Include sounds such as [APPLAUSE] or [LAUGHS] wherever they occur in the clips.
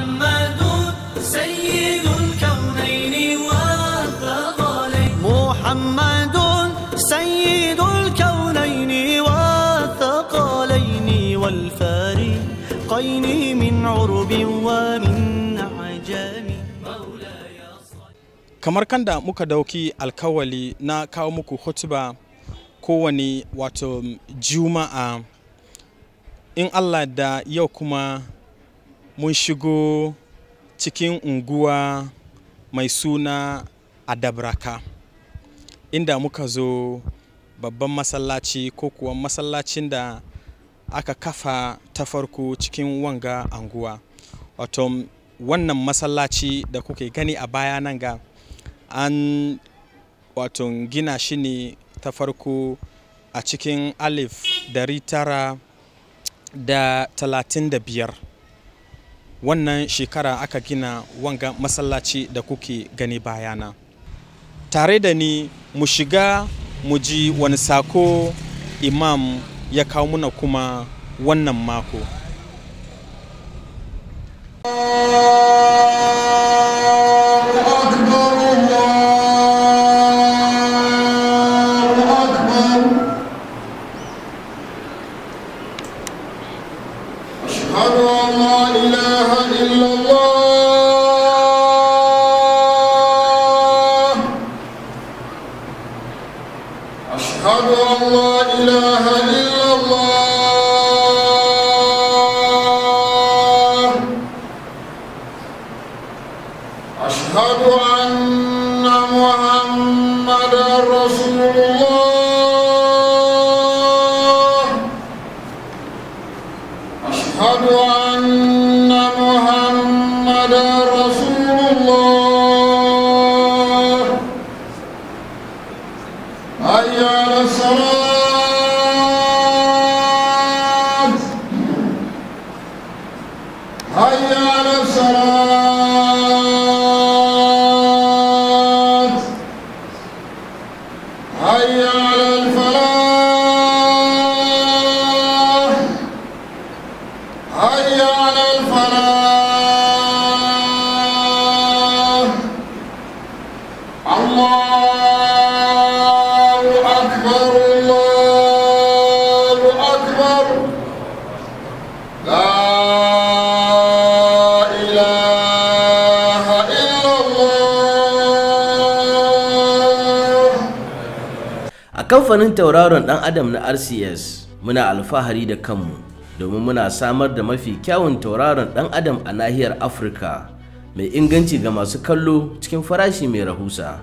محمد سيد الكونين والثقلين محمد سيد الكونين والثقلين والفارقين من عرب ومن عجم kamar kan da muka dauki alkawali na kawo muku hutuba kowane wato juma'a in allah da yau kuma mun shigo cikin unguwa mai suna adabraka inda muka zo babban masallaci ko kuwa masallacin da aka kafa ta farko cikin wanga anguwa wato wannan masallaci da kuke gani a baya nan ga an wato gina shi ne ta farko a cikin alif dari tara da talatin da biyar wannan shekara aka gina wanga masallaci da kuke gani bayana tare da ni mu shiga mu ji wani sako imam ya kawo muna kuma wannan mako Maha kamfanin tauraron dan adam na rcs muna alfahari da kanmu domin muna samar da mafi kyawun tauraron dan adam a nahiyar afirka mai inganci ga masu kallo cikin farashi mai rahusa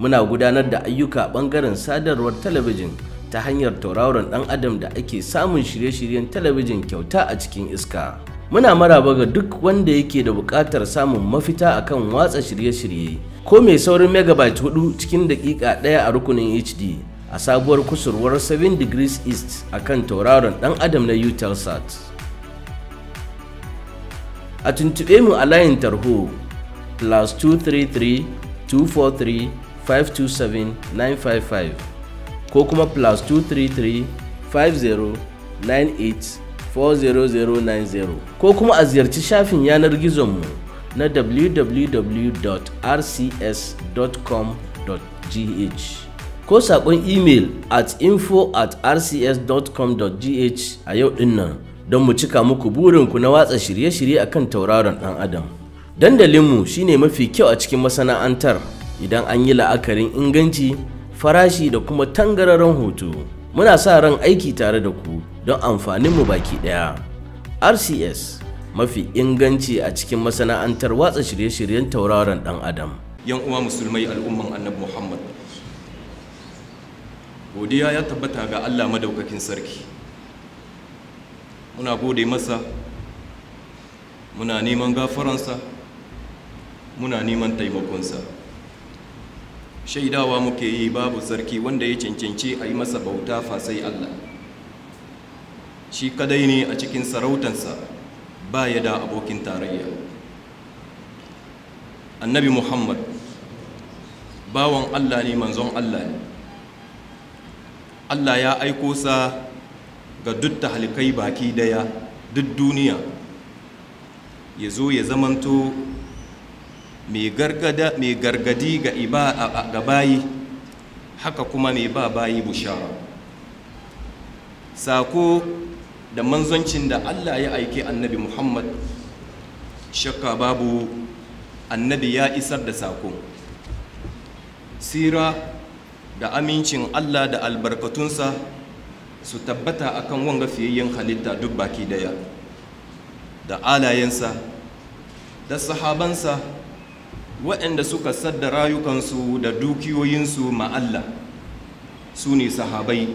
muna gudanar da ayyuka bangaren sadarwar talabijin ta hanyar tauraron dan adam da ake samun shirye-shiryen talabijin kyauta a cikin iska muna maraba ga duk wanda yake da buƙatar samun mafita akan watsa shirye-shirye ko mai saurin megabyte 4 cikin daƙiƙa ɗaya a rukunin hd a sabuwar kusurwar 7 degrees east a kan tauraron dan adam na utelsat a tuntube mu a layin tarho plus 233 243 527 955 ko kuma plus 233 50 98 40090 ko kuma a ziyarci shafin yanar gizonmu na www.rcs.com.gh ko saƙon email at info at rcs.com.gh a yau ɗin nan don mu cika muku burinku na watsa shirye-shirye a kan tauraron ɗan adam. Dandalinmu shine mafi kyau a cikin masana'antar idan an yi la'akarin inganci, farashi da kuma tangararren hoto. Muna sa ran aiki tare da ku don amfaninmu baki ɗaya. RCS mafi inganci a cikin masana'antar watsa shirye-shiryen tauraron ɗan adam. Yan uwa musulmai al'umman annabi Muhammad godiya ya tabbata ga allah madaukakin sarki muna gode masa muna neman gafaransa muna neman taimakonsa shaidawa muke yi babu sarki wanda ya cancanci a yi masa bauta fasai allah shi kadai ne a cikin sarautansa ba ya da abokin tarayya annabi muhammad bawan allah ne manzon allah ne Allah ya aiko sa ga duk tahalikai baki daya duk duniya ya zo ya zamanto mai gargadi ga ga bayi haka kuma mai ba bayi bushara sako da manzancin da Allah ya aike annabi Muhammad shakka babu annabi ya isar da sako sira da amincin Allah da albarkatunsa su tabbata akan wanga fiyayyen halitta duk baki daya da alayensa da sahabansa waɗanda suka sadda rayukansu da dukiyoyinsu ma Allah su ne sahabai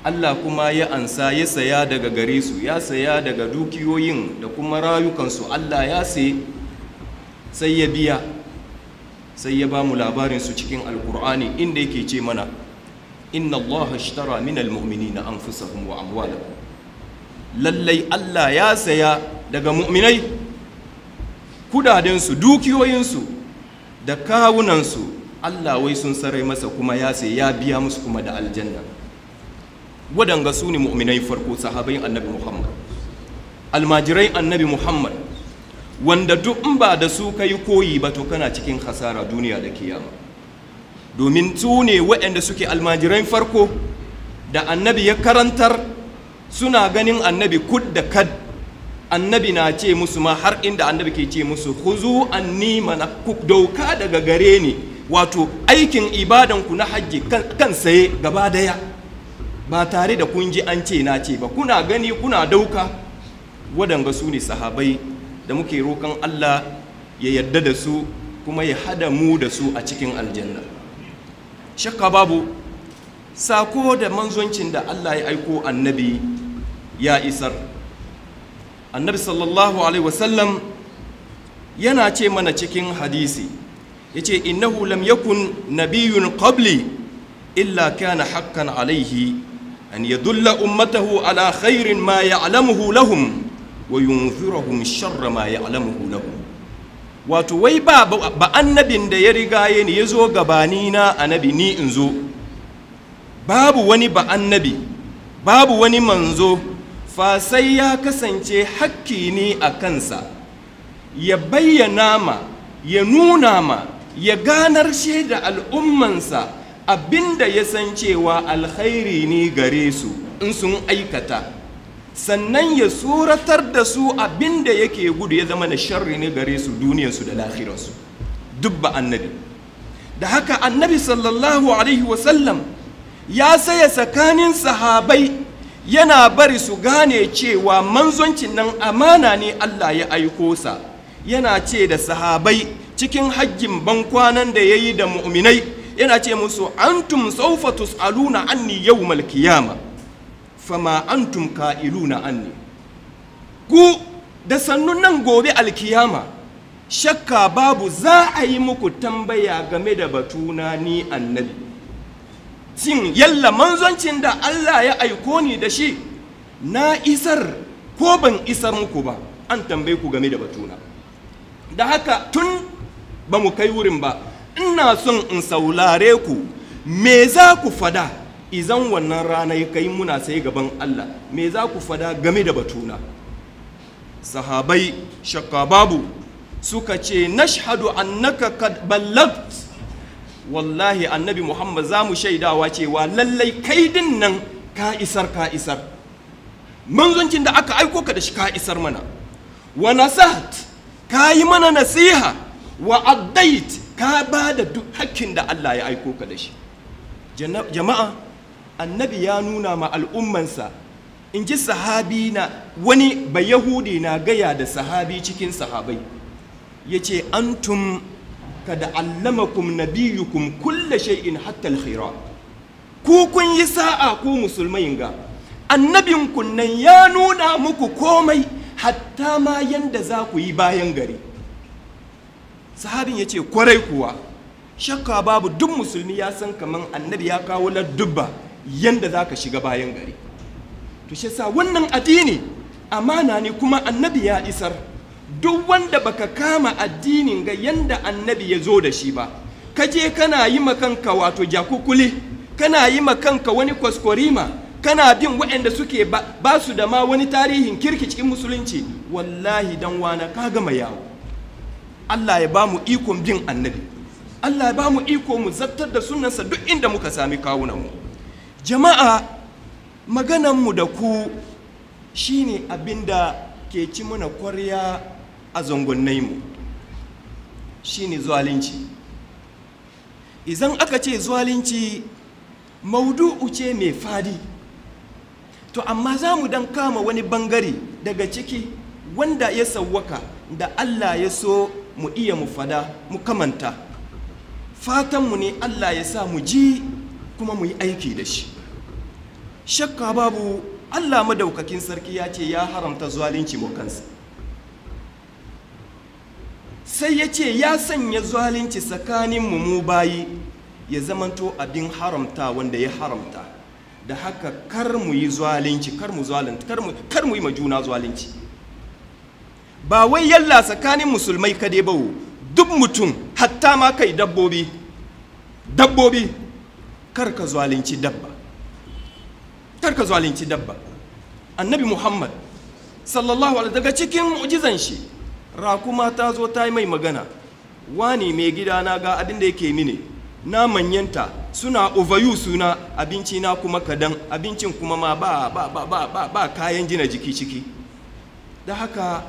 Allah kuma ya ansa ya saya daga gare su ya saya daga dukiyoyin da kuma rayukansu Allah ya sai sai ya biya sai ya ba mu labarin su cikin alkur'ani inda yake ce mana inna allaha ishtara min almu'minina wa lallai Allah ya saya daga mu'minai kudadensu dukiyoyinsu da kawunansu Allah wai sun sarai masa kuma ya sai ya biya musu kuma da aljanna waɗanga su ne mu'minai farko sahabai annabi muhammad almajirai annabi muhammad wanda duk in ba da su ka koyi ba to kana cikin hasara duniya da kiyama domin su ne waɗanda suke almajiran farko da annabi ya karantar suna ganin annabi kud da kad annabi na ce musu ma har inda annabi ke ce musu huzu anni mana ku dauka daga gare ne wato aikin ibadanku na hajji kan saye gaba daya ba tare da kun ji an ce na ce ba kuna gani kuna dauka waɗanga su ne sahabai da muke roƙon Allah ya yarda da su kuma ya hada mu da su a cikin aljanna shakka babu sako da manzoncin da Allah ya aiko annabi ya isar annabi sallallahu alaihi wasallam yana ce mana cikin hadisi ya ce innahu lam yakun nabiyun qabli illa kana haqqan alaihi an yadulla ummatahu ala khairin ma ya'lamuhu lahum wa yunzirahum sharra ma ya'lamuhu lahum wato wai ba ba annabin da ya riga ya ya zo gabani na annabi ni in zo babu wani ba annabi babu wani manzo fa sai ya kasance hakki ne a kansa ya bayyana ma ya nuna ma ya ganar da al'ummansa abinda ya san cewa alkhairi ne gare su in sun aikata sannan ya suratar da su abin da yake gudu ya zama na sharri ne gare su duniyarsu da lahirarsu dubba annabi da haka annabi sallallahu alaihi wasallam ya saya tsakanin sahabai yana bari su gane cewa manzoncin nan amana ne Allah ya aiko sa yana ce da sahabai cikin hajjin bankwanan da ya yi da mu'minai yana ce musu antum saufa tus'aluna anni malkiyama qiyamah fama antum ka'iluna anni ku da sannu nan gobe alkiyama shakka babu za a yi muku tambaya game da batuna ni annabi Cin yalla manzoncin da Allah ya aiko ni da shi na isar ko ban isar muku ba an tambaye ku game da batuna da haka tun ba mu kai wurin ba ina son in saulare ku me za ku fada izan wannan rana ya kai muna sai gaban Allah me za ku fada game da batuna sahabai shakka babu suka ce nashhadu annaka kad ballagt wallahi annabi muhammad za mu shaidawa cewa lallai kai din nan ka isar ka isar manzoncin da aka aiko ka da shi ka isar mana wa nasat ka yi mana nasiha wa addait ka ba da duk hakkin da allah ya aiko ka da shi jama'a annabi ya nuna ma al'ummansa in ji sahabi na wani bayahudi na gaya da sahabi cikin sahabai ya ce antum kada allamakum nabiyukum kulle shay'in hatta alkhira ku kun yi sa'a ku musulmai ga annabin kunnan ya nuna muku komai hatta ma yanda za ku yi bayan gari sahabin ya ce kwarai kuwa shakka babu duk musulmi ya san kaman annabi ya kawo dubba. yanda za ka shiga bayan gari to sa wannan addini amana ne kuma annabi ya isar duk wanda baka kama addinin ga yanda annabi ya zo da shi ba ka je kana yi makanka wato jakukuli kana yi makanka wani kwaskwarima kana bin waɗanda suke ba su da ma wani tarihin kirki cikin musulunci wallahi dan wana ka gama yawo Allah ya ba mu ikon bin annabi Allah ya ba mu iko mu zartar da sunansa duk inda muka sami kawunanmu jama'a magananmu da ku shine abinda ke ci mana kwarya a mu shine zalunci idan aka ce zalunci maudu'u ce mai fadi to amma za mu dan kama wani bangare daga ciki wanda ya sawwaka da allah ya so mu iya mu fada mu kamanta fatanmu ne allah ya sa mu ji kuma mu yi aiki da shi shakka babu allah madaukakin sarki ya ce ya haramta zalunci mukansa sai ya ce ya sanya zalunci tsakanin mu bayi ya zamanto abin haramta wanda ya haramta da haka kar mu yi zalunci kar mu kar mu yi majuna zalunci ba wai yalla tsakanin musulmai kadai ba duk mutum hatta ma kai dabbobi dabbobi karka zalunci dabba karka dabba annabi muhammad sallallahu alaihi daga cikin mu'jizan shi rakuma ta zo ta yi mai magana wani mai gida na ga abin da yake mini na manyanta suna ovayu suna abinci na kuma kadan abincin kuma ma ba ba ba ba ba, ba kayan gina jiki ciki da haka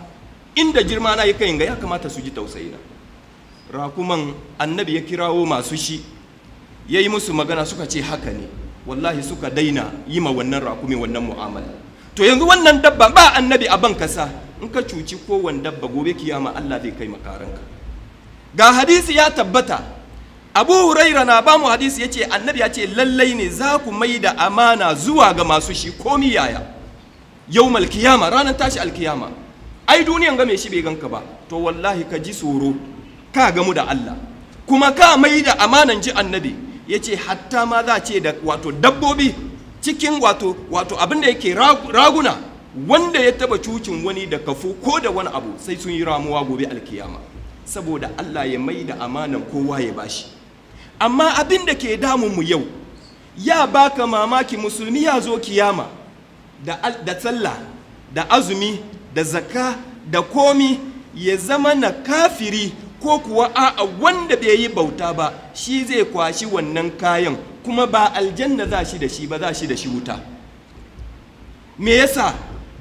inda girma na yi kayin ga ya kamata su ji tausayi na rakuman annabi ya kirawo masu shi ya yi musu magana suka ce haka ne wallahi suka daina yi ma wannan rakumi wannan mu'amala to yanzu wannan dabba ba annabi a ban kasa in ka cuci kowane dabba gobe kiyama Allah zai kai makaranka ga hadisi ya tabbata abu huraira na bamu hadisi ya ce annabi ya ce lallai ne za ku mai da amana zuwa ga masu shi komi yaya yau malkiyama ranar tashi alkiyama ai duniyan ga shi bai ganka ba to wallahi ka ji tsoro ka gamu da Allah kuma ka mai da amanan ji annabi ya ce hatta ma za ce da wato dabbobi cikin wato wato abin yake raguna wanda ya taba cucin wani da kafu ko da wani abu sai sun yi ramuwa gobe alkiyama saboda Allah ya mai da amanan kowa ya bashi amma abin da ke damun mu yau ya baka mamaki musulmi ya zo kiyama da tsalla da azumi da zaka da komi ya zama na kafiri ko kuwa a'a wanda bai yi bauta ba shi zai kwashi wannan kayan kuma ba aljanna za shi da shi ba za shi da shi wuta me yasa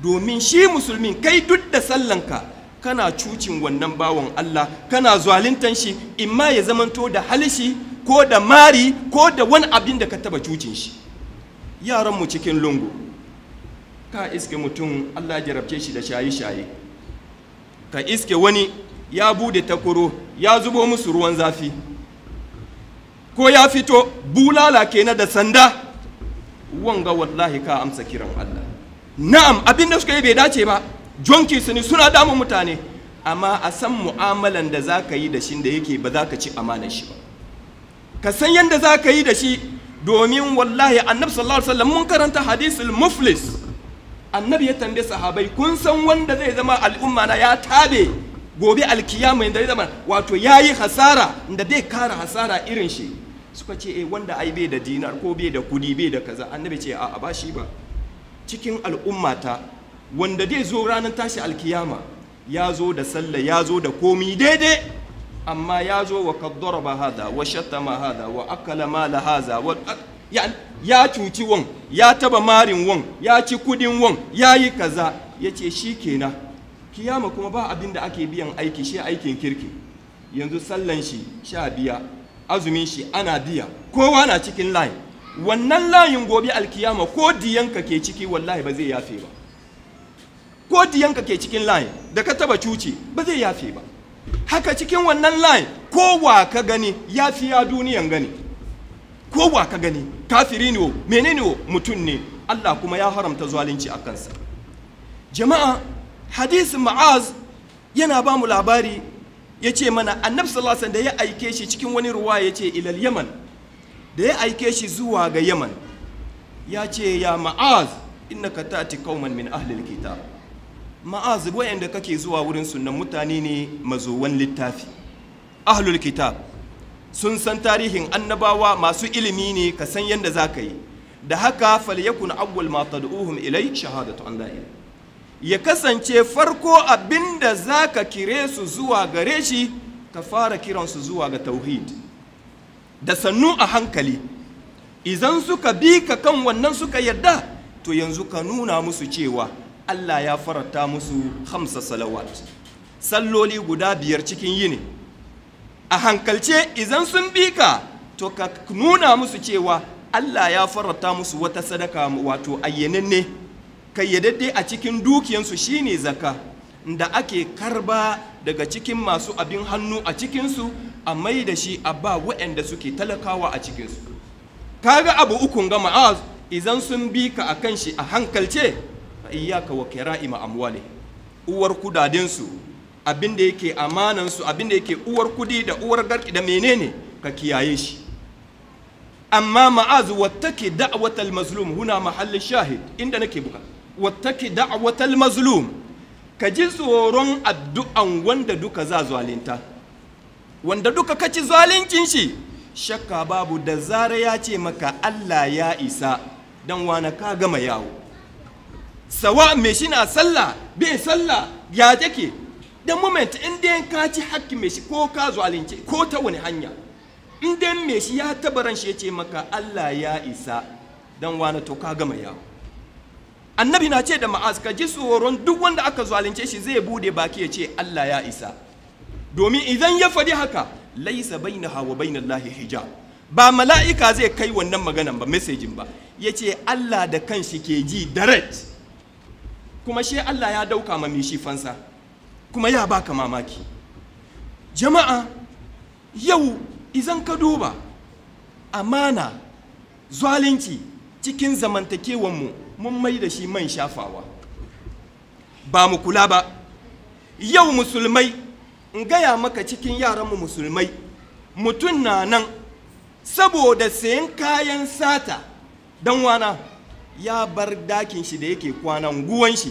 domin shi musulmi kai duk da sallanka kana cucin wannan bawan Allah kana zaluntan shi imma ya zamanto da halishi ko da mari ko da wani abin da ka taba cucin shi yaran mu cikin lungu ka iske mutum Allah ya jarabce shi da shaye-shaye ka iske wani ya bude takoro ya zubo musu ruwan zafi ko ya fito bulala kenan da sanda wanga wallahi ka amsa kiran Allah na'am abin da suka yi bai dace ba jonki su ne suna damun mutane amma a san mu'amalan da za ka yi da shi da yake ba za ka ci amanar shi ba ka san yadda za ka yi da shi domin wallahi annabi sallallahu alaihi wasallam mun karanta hadisul muflis annabi ya tambaye sahabai kun san wanda zai zama al'umma na ya tabe gobe alkiyama yadda zama wato ya yi hasara da zai kara hasara irin shi suka ce e wanda ai bai da dinar ko bai da kudi bai da kaza annabi ce a ba shi ba cikin al'ummata wanda zai zo ranar tashi alkiyama ya zo da sallah ya zo da komi daidai amma ya zo wa kaddara ba hada wa shattama hada wa akala mala hada wa ya cuci wan ya taba marin wan ya ci kudin wan ya yi kaza ya ce shi kenan kiyama kuma ba abin da ake biyan aiki shi aikin kirki yanzu sallan shi sha biya azumin shi ana biya kowa na cikin layi wannan layin gobe alkiyama ko diyanka ke ciki wallahi ba zai yafe ba ko diyanka ke cikin layi da ka taba cuci ba zai yafe ba haka cikin wannan layi kowa ka gani ya duniyan gani kowa ka gani kafiri ne menene mutum ne Allah kuma ya haramta zalunci a kansa jama'a hadisin ma'az yana ba mu labari ya ce mana annabi sallallahu da ya aike shi cikin wani ruwa ya ce ilal yaman da ya aike shi zuwa ga yaman ya ce ya ma'az ta ta'ti kauman min ahlil kitab ma'az wayanda kake zuwa wurin sunan mutane ne mazowan littafi ahlul kitab sun san tarihin annabawa masu ilimi ne ka san yadda za ka yi da haka falyakun awwal ma tad'uhum ilai shahadatu an ya kasance farko abin da za ka kire su zuwa gare shi ka fara kiransu zuwa ga tauhid da sannu a hankali idan suka bi ka kan wannan suka yarda to yanzu ka nuna musu cewa Allah ya farata musu hamsa salawat salloli guda biyar cikin yini a hankalce idan sun bi ka to ka nuna musu cewa Allah ya farata musu wata sadaka wato ayyananne kayyadadde a cikin dukiyansu shine zaka da ake karba daga cikin masu abin hannu a cikinsu a mai da shi a ba waɗanda suke talakawa a cikinsu kaga abu ukun gama a izan sun bi ka a kan shi a hankalce iyaka wa kira'ima amwali uwar kudadinsu abin da yake amanansu abin da yake uwar kudi da uwar garki da menene ka kiyaye shi amma ma'az wattaki da'watal mazlum huna mahallin shahid inda nake buka a da'watal mazlum ka ji tsoron addu'an wanda duka za zalunta wanda duka ka ci zaluncin shi shakka babu da zara ya ce maka Allah ya isa dan wana ka gama yawo sawa me shi na sallah bai sallah ya take da moment in dai ka ci hakki me shi ko ka zalunce ko ta wani hanya in dai me shi ya tabaran shi ya ce maka Allah ya isa dan wana to ka gama yawo annabi na ce da ma'az ka ji tsoron duk wanda aka zalunce shi zai bude baki ya ce Allah ya isa domin idan ya faɗi haka laisa hawa wa lahi hijab ba mala'ika zai kai wannan maganan ba mesejin ba ya ce Allah da kanshi ke ji direct kuma shi Allah ya dauka ma shi fansa kuma ya baka mamaki jama'a yau idan ka duba amana zalunci cikin zamantakewanmu mu mun mai da shi man shafawa ba mu kula ba yau musulmai in gaya maka cikin yaran mu musulmai mutum na nan saboda sayan kayan sata don wana ya bar dakin shi da yake kwanan guwan shi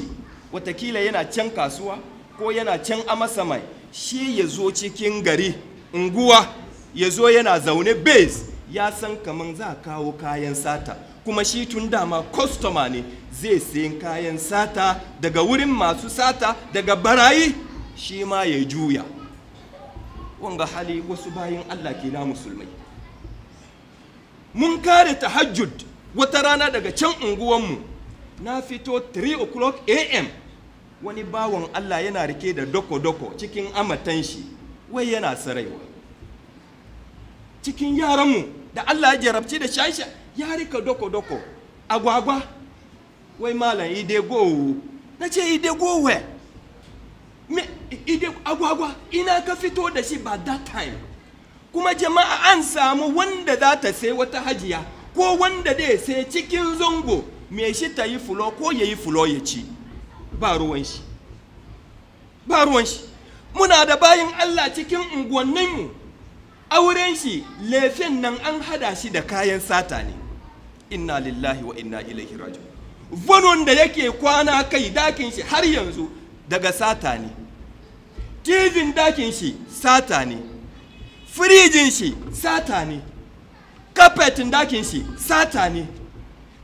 watakila yana can kasuwa ko yana can amasa mai shi ya zo cikin gari unguwa ya zo yana zaune base ya san kaman za a kawo kayan sata kuma shi tun dama kostoma ne zai sayan kayan sata daga wurin masu sata daga barayi shi ma ya juya wanga hali wasu bayan allah ke na musulmai mun kare tahajjud wata rana daga can unguwanmu na fito 3 o'clock am wani bawan allah yana rike da doko-doko cikin amatan shi wai yana sarewa cikin yaranmu da allah ya jarabci da shashe ya rika doko-doko agwagwa wai malam ide gowu na ce ide ide agwagwa ina ka fito da shi ba that time kuma jama'a an samu wanda za ta sai wata hajiya ko wanda dai sai cikin zango mai shi ta yi fulo ko ya yi fulo ya ci ba ruwan shi ba ruwan shi muna da bayin allah cikin unguwanninmu auren shi lefen nan an hada shi da kayan sata ne inna lillahi wa inna ilaihi raji'un vanon da yake kwana kai dakin shi har yanzu daga sata ne tivin dakin shi sata ne firijin shi sata ne kafetin dakin shi sata ne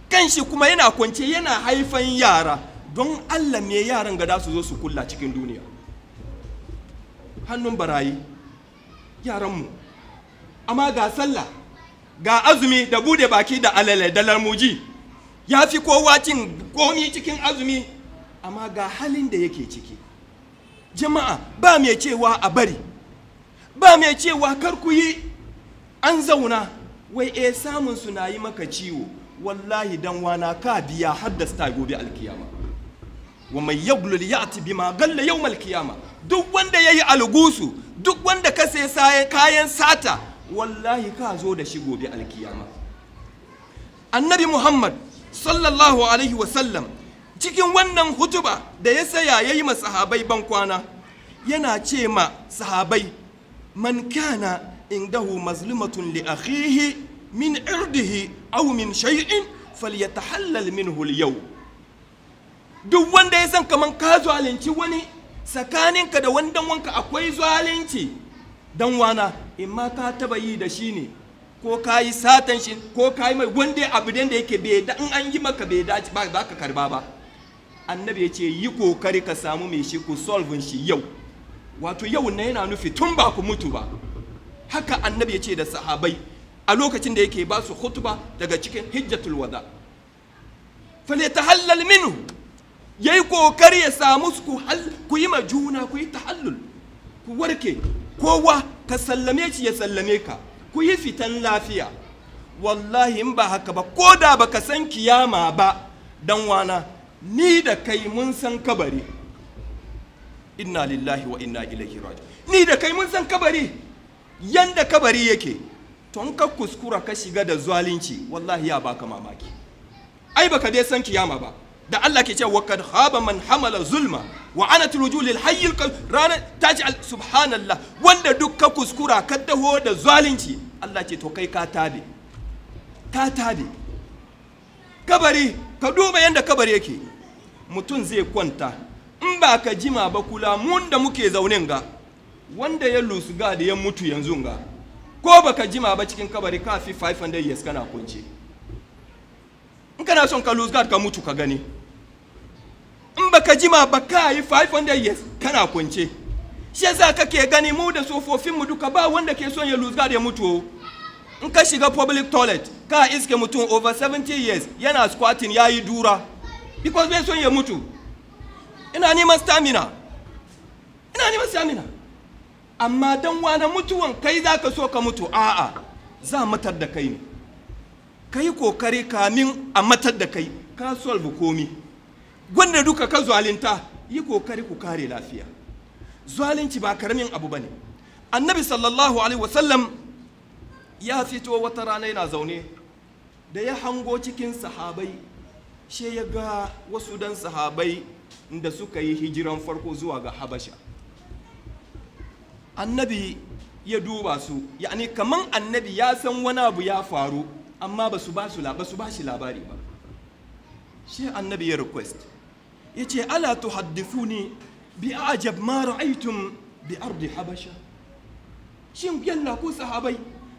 kan shi kuma yana kwance yana haifan yara don allah ne yaran gada su zo su kulla cikin duniya hannun barayi yaranmu amma ga sallah ga azumi da bude baki da alale da larmuji ya fi kowa cin komi cikin azumi amma ga halin da yake ciki jama'a ba mai cewa a bari ba mai cewa kar ku an zauna wai e samun suna yi maka ciwo wallahi dan wana ka biya haddasta gobe alkiyama wa mai yaglul bi ma galla yau kiyama duk wanda ya yi algusu duk wanda ka sai kayan sata wallahi ka zo da shi gobe alkiyama annabi muhammad sallallahu alaihi wasallam cikin wannan hutuba da ya saya ya yi ma sahabai bankwana yana ce ma sahabai man kana indahu mazlumatun li akhihi min irdihi aw min shay'in falyatahallal minhu al-yaw duk wanda ya san kaman ka zalunci wani tsakaninka da wandan wanka akwai zalunci dan wana in ma ka taba yi da shi ne ko ka yi satan shi ko ka yi mai wanda abu da yake bai da in an yi maka bai dace ba ba ka karba ba annabi ya ce yi kokari ka samu mai shi ku solve shi yau wato yau na yana nufi tun ba ku mutu ba haka annabi ya ce da sahabai a lokacin da yake ba su hutuba daga cikin hijjatul wada fale tahallal minhu yayi kokari ya samu su ku yi ma juna ku yi tahallul ku warke kowa ka sallame shi ya sallame ka ku yi fitan lafiya wallahi in ba haka ba ko da ba ka san kiyama ba dan wana ni da kai mun san kabari inna lillahi wa inna ilaihi raji ni da kai mun san kabari yanda kabari yake to in ka kuskura ka shiga da zalunci wallahi ya baka mamaki ai baka dai san kiyama ba da Allah ke cewa wakad khaba man hamala zulma wa ana turuju lil hayyil ranar taji subhanallah wanda duk ka kuskura ka daho da zalunci Allah ce to kai ka tabe ka tabe kabari ka duba yanda kabari yake mutum zai kwanta in ba ka jima ba kula mun da muke zaunin ga wanda ya lusuga da ya mutu yanzu ga ko baka jima ba cikin kabari ka fi 500 years kana kunce in kana son ka lose guard ka mutu ka gani in baka jima ba ka yi 500 years kana kwance shi yasa kake gani mu da tsofaffin mu duka ba wanda ke son ya lose guard ya mutu in ka shiga public toilet ka iske mutum over 70 years yana squatting yi dura because bai son ya mutu ina neman stamina ina neman stamina amma dan wani mutuwan kai za ka so ka mutu a'a za matar da kai ne ka yi kokari kamin a matar da kai ka solve komi gwanda duka ka zalunta yi kokari ku kare lafiya zalunci ba karamin abu bane annabi sallallahu alaihi wasallam ya fito wata rana yana zaune da ya hango cikin sahabai she ya ga wasu dan sahabai da suka yi hijiran farko zuwa ga habasha annabi ya duba su yani kaman annabi ya san wani abu ya faru amma ba su ba su labari ba shi annabi ya request ya ce ala ne bi ajab mara aitun bi ardi habasha shin yalla ku sahabai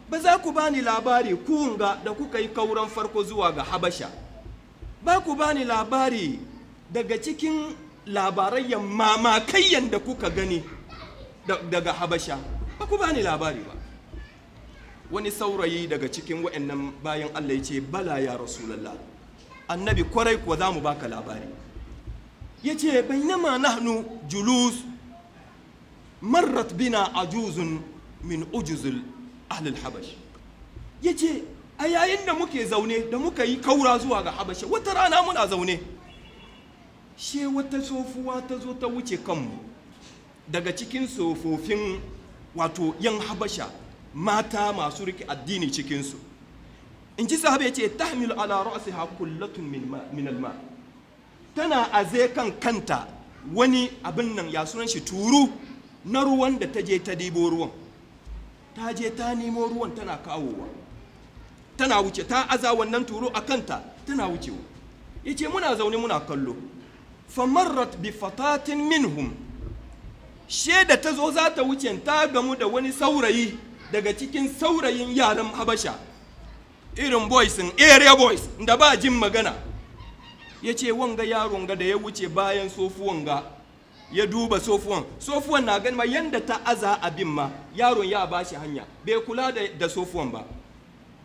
ba za ku bani labari ku da kuka yi kauran farko zuwa ga habasha ba ku bani labari daga cikin labarayyan mamakayyan da kuka gani daga habasha ba ku bani labari ba wani saurayi daga cikin wa'annan bayan Allah ya ce bala ya rasulallah annabi kwarai kuwa za mu baka labari ya ce bai na nahnu julus marrat bina ajuzun min ujuzul ahlul habash ya ce a yayin da muke zaune da muka yi kaura zuwa ga habasha wata rana muna zaune she wata tsofuwa ta zo ta wuce kanmu daga cikin tsofofin wato yan habasha mata masu rike addini cikinsu in ji sahabi ya ce hamilu ala ra'si kullatun min alma tana aze kan kanta wani abin nan ya sunan shi turu na ruwan da ta je ta dibo ruwan ta je ta nemo ruwan tana kawowa tana wuce ta aza wannan turu a kanta tana wucewa ce muna zaune muna kallo famarrat bi fatatin minhum she da ta zo za ta wuce ta gamu da wani saurayi daga cikin saurayin yaran habasha irin boys area boys da ba jin magana ya ce wanga yaron ga da ya wuce bayan sofuwan ga ya duba sofuwan sofuwan na ganima yadda ta aza abin ma yaron ya ba hanya bai kula da sofuwan ba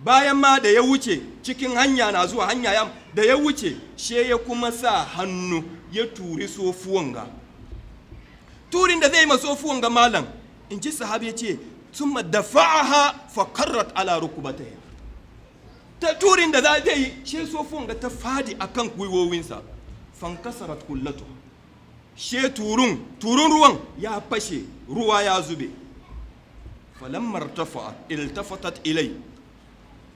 bayan ma da ya wuce cikin hanya na zuwa hanya ya da ya wuce she ya kuma sa hannu ya turi sofuwan ga turin da zai ma sofuwan ga malam in ji sahabi ya ce ثم دفعها فقرت على ركبتها ta turin da za a yi ce sofon ga ta fadi a kan gwiwowinsa fankasarat kullatu she turun turun ruwan ya fashe ruwa ya zube falammar tafa iltafatat ilai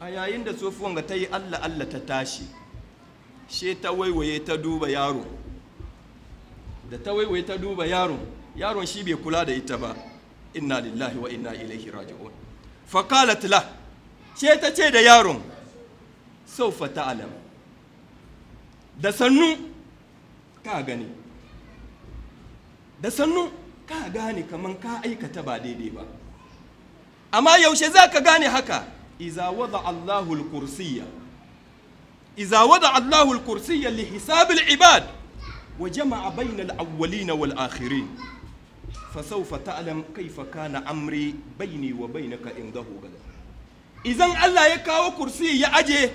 a yayin da sofon ga ta yi allah allah ta tashi she ta waiwaye ta duba yaro da ta waiwaye ta duba yaron yaron shi bai kula da ita ba inna lillahi wa inna ilaihi raji'un fa qalat la ce ta ce da yaron saufa ta'lam da sannu ka gani da sannu ka gane kaman ka aikata ba daidai ba amma yaushe za ka gane haka iza wada allahul kursiya iza wada allahul kursiya li hisabil ibad wa jama'a bainal awwalina wal akhirin fasaufa ta'lam kaifa na amri baini wa bainaka indahu gada idan Allah ya kawo kursi ya aje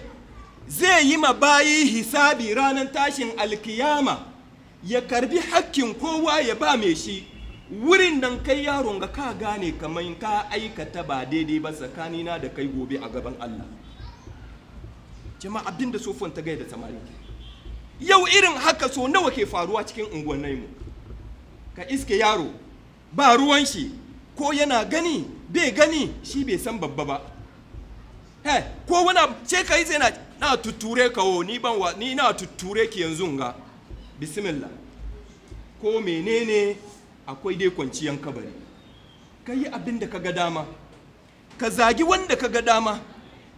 zai yi ma bayi hisabi ranar tashin alkiyama ya karbi hakkin kowa ya ba mai shi wurin nan kai yaron ga ka gane kamar ka aikata ba daidai ba tsakanina da kai gobe a gaban Allah jama'a abinda sofon ta gaida samari yau irin haka sau nawa ke faruwa cikin unguwannin ka iske yaro ba ruwan shi ko yana gani bai gani shi bai san babba ba he ko wani ce ka yi na na tutture kawo ni ban wa ni na tutture ki yanzu ga bismillah ko menene akwai dai kwanciyan kabari ka yi abin da ka ga dama ka zagi wanda ka ga dama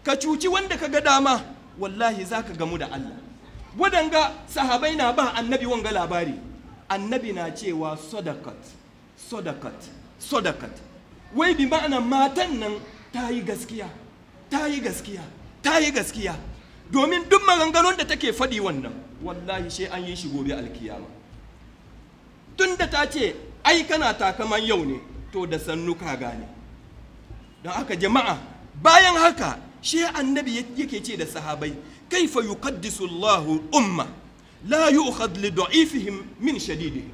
ka cuci wanda ka ga dama wallahi za ka gamu da Allah waɗanga sahabai na ba annabi wanga labari annabi na cewa sadakat sadakat sadakat wai bi ma'ana matan nan ta yi gaskiya ta yi gaskiya ta yi gaskiya domin duk maganganun da take faɗi wannan wallahi shi an yi shi gobe alkiyama tun da ta ce ai kana takaman yau ne to da sannu ka gane don aka jama'a bayan haka shi annabi yake ce da sahabai kaifa yuqaddisu Allahu umma la yu'khad li da'ifihim min shadidihim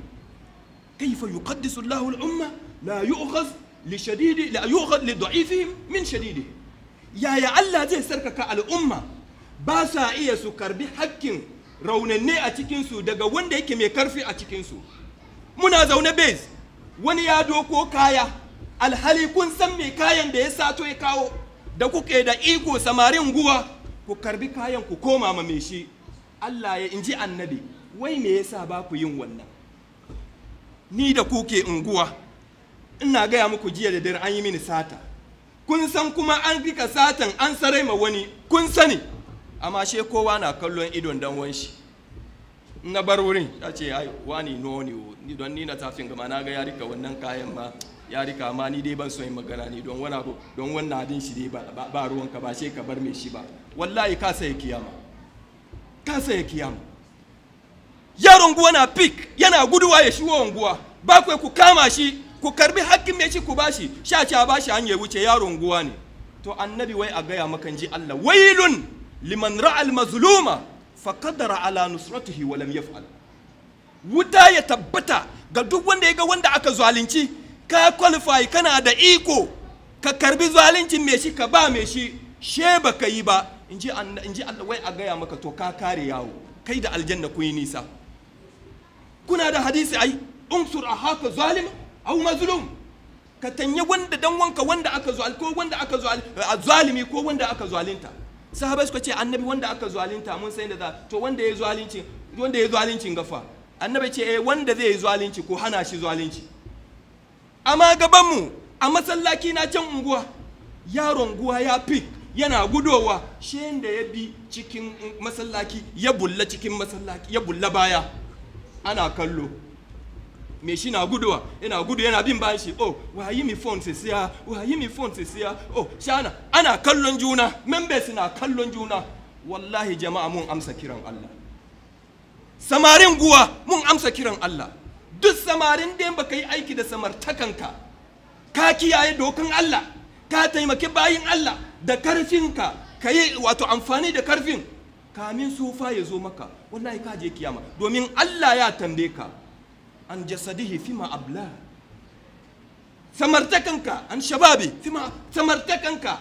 كيف يقدس الله الأمة لا يؤخذ لشديد لا يؤخذ لضعيفهم من شديده يا يا raunanne a cikinsu daga wanda yake mai karfi a cikinsu muna zaune bez wani ya doko kaya alhali kun san mai kayan da ya sato ya kawo da kuke da iko samarin guwa ku karbi kayan ku koma ma mai shi Allah ya inji annabi wai me yasa ba ku yin wannan ni da kuke unguwa ina gaya muku jiya da dare an yi mini sata kun san kuma an rika satan an sarai ma wani kun sani amma she kowa na kallon idon dan wanshi na bar wurin ta ce ai wani no ne don ni na tafin gama na ga ya rika wannan kayan ma ya rika ma ni dai ban so yin magana ne don wani abu don wannan abin shi dai ba ruwanka ba she ka bar me shi ba wallahi ka sai kiyama ka sai kiyama yaron guwa na pik yana guduwa ya shiwo unguwa ba ku kama shi ku karbi hakkin mai shi ku bashi sha ci a bashi an ya wuce yaron guwa ne to annabi wai a gaya maka ji Allah wailun liman ra'al mazluma fa qadara ala nusratihi wa lam yaf'al wuta ya tabbata ga duk wanda ya ga wanda aka zalunci ka qualify kana da iko ka karbi zaluncin mai shi ka ba mai shi she baka yi ba in Allah wai a gaya maka to ka kare yawo kai da aljanna kun yi nisa kuna da hadisi ai unsur haka zalim au mazlum ka tanye wanda dan wanka wanda aka zuwa ko wanda aka zuwa zalimi ko wanda aka zalunta sahaba suka ce annabi wanda aka zalunta mun san da za to wanda ya zalunci wanda ya zalunci gafa annabi ce eh wanda zai yi zalunci ko hana shi zalunci amma gaban mu a masallaki na can unguwa yaron unguwa ya fi yana gudowa shi da ya bi cikin masallaki ya bulla cikin masallaki ya bulla baya ana kallo me shi na guduwa yana gudu yana bin bayan shi oh wayi mi phone sai siya wayi mi phone sai siya oh shana ana kallon juna members na kallon juna wallahi jama'a mun amsa kiran Allah samarin guwa mun amsa kiran Allah duk samarin da baka yi aiki da samartakanka ka kiyaye dokan Allah ka taimaki bayin Allah da karfinka ka yi wato amfani da karfin kamin sufa ya zo maka wallahi ka je kiyama domin Allah ya tambe ka an jasadihi ma abla samartakanka an shababi ma samartakanka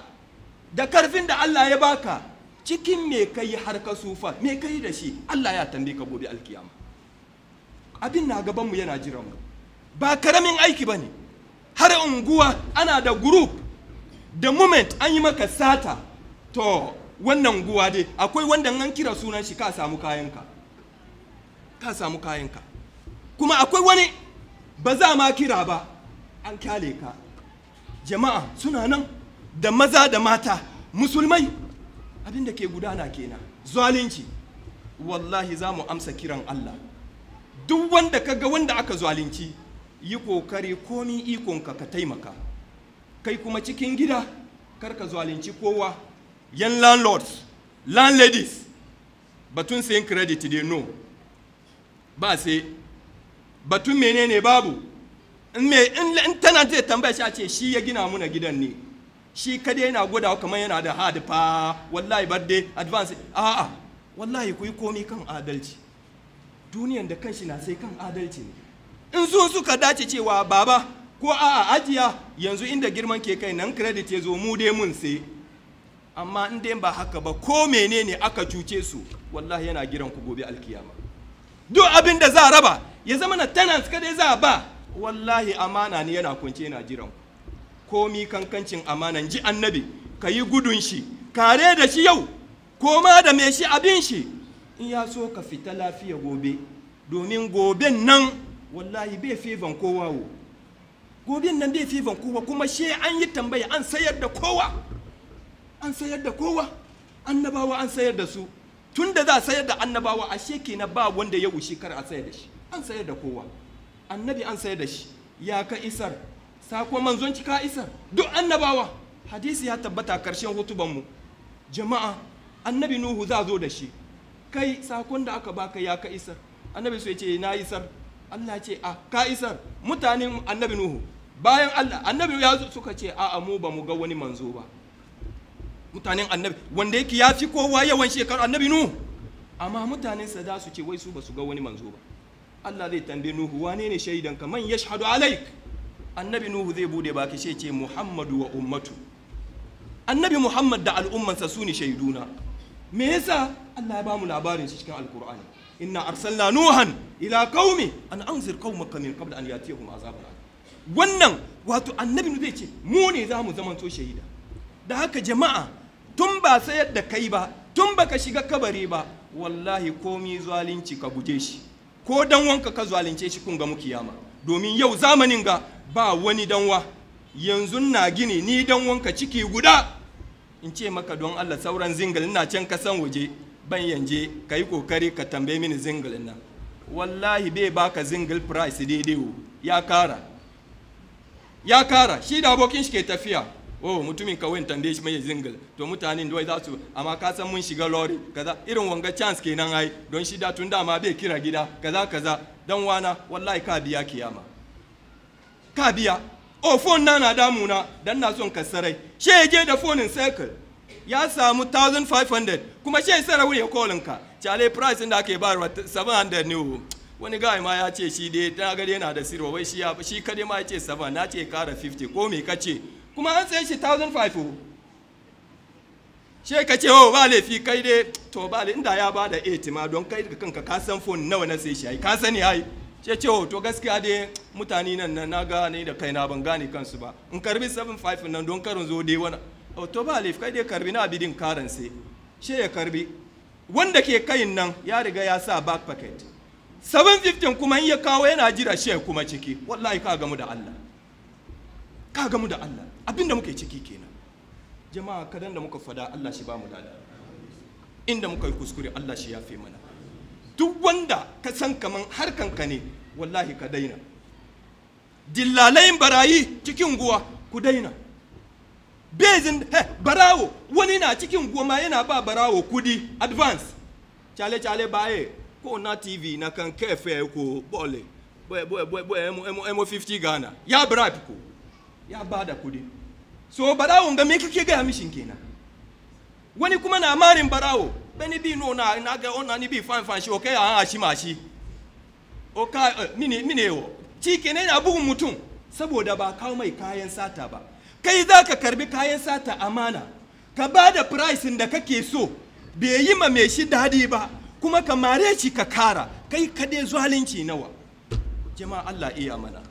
da karfin da Allah ya baka cikin me kai har ka sufa me kai da shi Allah ya tambe ka gobe alkiyama abin na gaban mu yana jiran mu ba karamin aiki bane har unguwa ana da group da moment an yi maka sata to wannan guwa dai akwai wanda an kira sunan shi ka samu kayanka ka samu kayanka kuma akwai wani ba za ma kira ba an kyale ka jama'a suna nan da maza da mata musulmai abinda ke gudana kenan zalunci wallahi za mu amsa kiran Allah duk wanda ka ga wanda aka zalunci yi kokari komi ikonka ka taimaka kai kuma cikin gida kar ka zalunci kowa yan landlords landladies batun sayin credit dai no ba sai batun menene babu in tana zai tambaya shi a ce shi ya gina muna gidan ne shi kada yana gwada kamar yana da hard fa wallahi birthday advance a'a wallahi ku yi komi kan adalci duniyan da kanshi na sai kan adalci ne in su suka dace cewa baba ko a'a ajiya yanzu inda girman ke kai nan credit ya zo mu dai mun sai amma in dai ba haka ba ko menene aka cuce su wallahi yana giran ku gobe alkiyama duk abin da za a raba ya zama na tenants kadai za a ba wallahi amana ne yana kwance yana jiran komi kankancin amanan ji annabi ka yi gudun shi kare da shi yau koma da me shi abin shi in ya so ka fita lafiya gobe domin goben nan wallahi bai fifan kowa wo goben nan bai fifan kowa kuma she an yi tambaya an sayar da kowa an sayar da kowa annabawa an sayar da su tun da za a sayar da annabawa a sheke na ba wanda ya wuce kar a sayar da shi an sayar da kowa annabi an sayar da shi ya ka isar sako manzonci ka isar duk annabawa hadisi ya tabbata karshen hutubanmu jama'a annabi nuhu za zo da shi kai sakon da aka baka ya ka isar annabi su ya ce na isar allah ce a ah, ka isar mutanen annabi nuhu bayan allah annabi ya suka ce a'a mu ba mu ga wani manzo ba mutanen annabi wanda yake ya fi kowa yawan shekaru annabi nuhu amma mutanen sa za su ce wai su ba su ga wani manzo ba Allah zai tambaye nuhu wane ne shaidan ka man yashhadu alaik annabi nuhu zai bude baki sai ce muhammadu wa ummatu annabi muhammad da al'ummansa su ne shaiduna me yasa Allah ya bamu labarin shi cikin alkur'ani inna arsalna nuhan ila qaumi an anzir qaumaka min qabl an yatiyahum azabun wannan wato annabi zai ce mu ne za mu zamanto shaida da haka jama'a tun ba sayar da kai ba tun baka shiga kabari ba wallahi komi zalunci ka guje shi ko dan wanka ka zalunce shi kun ga mu kiyama domin yau zamanin ga ba wani danwa yanzu na gini ni dan wanka ciki guda in ce maka don Allah sauran zingal ina can ka san waje ban yanje ka kokari ka tambaye mini zingal nan wallahi bai baka zingal price daidai ya kara ya kara shi da abokin shi ke tafiya oh mutumin kawai tambaye shi mai zingil to mutanen dawai za su amma ka san mun shiga lori kaza irin wanga chance kenan ai don shi da tun dama bai kira gida kaza kaza dan wana wallahi ka biya kiyama ka biya oh phone na na damuna dan na son kasarai she je da in circle ya samu 1500 kuma she sai rawuri ya kolin ka chale price din da ake ba 700 ne oh, wani guy ma ya ce shi dai ta gare yana da sirwa wai shi ya shi kade ma ya ce 7 na ce kara 50 ko me kace kuma an tsaye shi 1500 shi ka ce oh, ba laifi kai dai to ba inda ya ba da 8 ma don kai kanka ka san phone nawa na sai shi ai ka sani ai she ce oh to gaskiya dai mutane nan na gane da kai na ban gane kansu ba in karbi 75 nan don karin zo dai wani oh to ba laifi kai dai karbi na abidin karin sai shi ya karbi wanda ke kayin nan ya riga ya sa back pocket 715 kuma in ya kawo yana jira shi kuma ciki wallahi ka gamu da Allah ka gamu da Allah abinda muka yi ciki kenan jama'a kadan da muka fada Allah shi ba mu lada inda muka yi kuskure Allah shi ya fi mana duk wanda ka san kaman ka ne wallahi ka daina dillalayin barayi cikin guwa ku daina bezin he barawo wani na cikin goma ma yana ba barawo kudi advance chale chale baye ko na tv na kan kefe ko bole boye boye boye mo 50 gana ya bribe ko ya bada kudi so barawon ga me kake gaya mishin kenan wani kuma na marin barawo bani bi no na na ga ona ni bi fan fan shi okay a shi ma shi oka eh, mini mini yo ci kene na bugun mutum saboda ba kawo mai kayan sata ba kai za ka karbi kayan sata amana ka ba da pricing da kake so bai yi ma mai shi daɗi ba kuma ka mare shi ka kara kai dai zalunci nawa jama'a Allah iya mana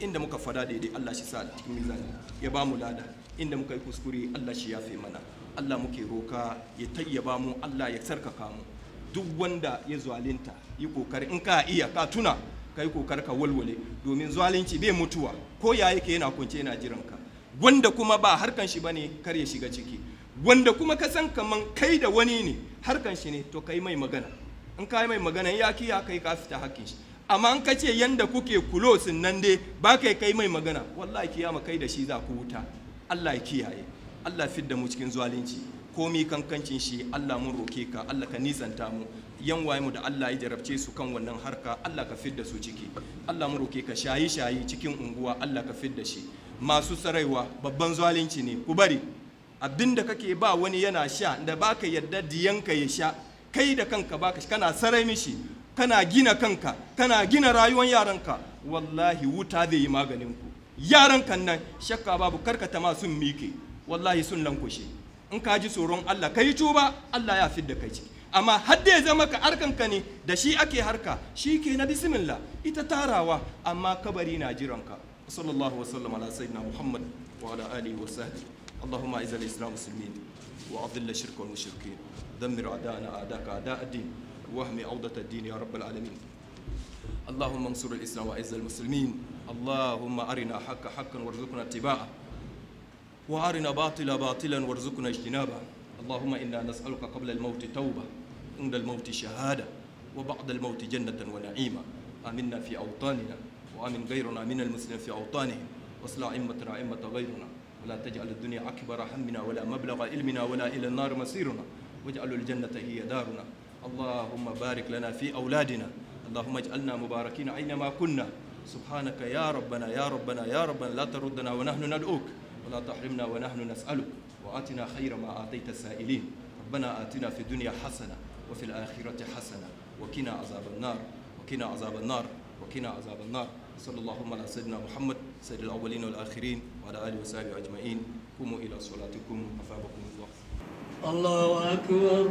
inda muka fada daidai Allah shi sa cikin mizani ya ba mu lada inda muka yi kuskure Allah shi ya fi mana Allah muke roka ya tayyaba mu Allah ya sarkaka mu duk wanda ya zalinta yi kokari in ka iya ka tuna ka yi kokari ka walwale domin zalunci bai mutuwa ko ya yake yana kunce yana jiran ka wanda kuma ba harkan shi bane kar ya shiga ciki wanda kuma ka san kaman kai da wani ne harkan shi ne to kai mai magana in ka yi mai magana ya kiya kai ka fita hakkin shi amma an ka ce yadda kuke kulo nan dai ba kai kai mai magana wallahi ma kai da shi za ku wuta Allah ya kiyaye Allah fidda mu cikin zalunci komi kankancin shi Allah mun roke ka Allah ka nisanta mu yan waye mu da Allah ya jarabce su kan wannan harka Allah ka fidda su ciki Allah mun roke ka shayi shayi cikin unguwa Allah ka fidda shi masu saraiwa babban zalunci ne ku bari da kake ba wani yana sha da baka yadda diyanka ya sha kai da kanka baka kana sarai mishi kana gina kanka kana gina rayuwar yaranka wallahi wuta zai yi maganin ku yaran nan shakka babu karkata ma sun mike wallahi sun lankushe in ka ji tsoron Allah kai tuba Allah ya fidda kai ciki amma har da ya zama ka arkanka ne da shi ake harka shi ke na bismillah ita tarawa amma kabari na jiranka sallallahu wasallam ala sayyidina muhammad wa ala alihi wa sahbihi اللهم اعز الاسلام والمسلمين الشرك والمشركين دمر اعداءنا اعداءك اعداء الدين وهم عودة الدين يا رب العالمين اللهم انصر الإسلام وأعز المسلمين اللهم أرنا حق حقا وارزقنا اتباعه وأرنا باطلا باطلا وارزقنا اجتنابه اللهم إنا نسألك قبل الموت توبة عند الموت شهادة وبعد الموت جنة ونعيمة آمنا في أوطاننا وآمن غيرنا من المسلمين في أوطانهم واصلع أئمتنا أئمة غيرنا ولا تجعل الدنيا أكبر همنا ولا مبلغ علمنا ولا إلى النار مصيرنا واجعل الجنة هي دارنا اللهم بارك لنا في أولادنا اللهم اجعلنا مباركين أينما كنا سبحانك يا ربنا يا ربنا يا ربنا لا تردنا ونحن ندعوك ولا تحرمنا ونحن نسألك وآتنا خير ما آتيت السائلين ربنا آتنا في الدنيا حسنة وفي الآخرة حسنة وكنا عذاب النار وكنا عذاب النار وكنا عذاب النار صلى اللهم على سيدنا محمد سيد الأولين والآخرين وعلى آله وصحبه أجمعين قوموا إلى صلاتكم أفابكم الله الله أكبر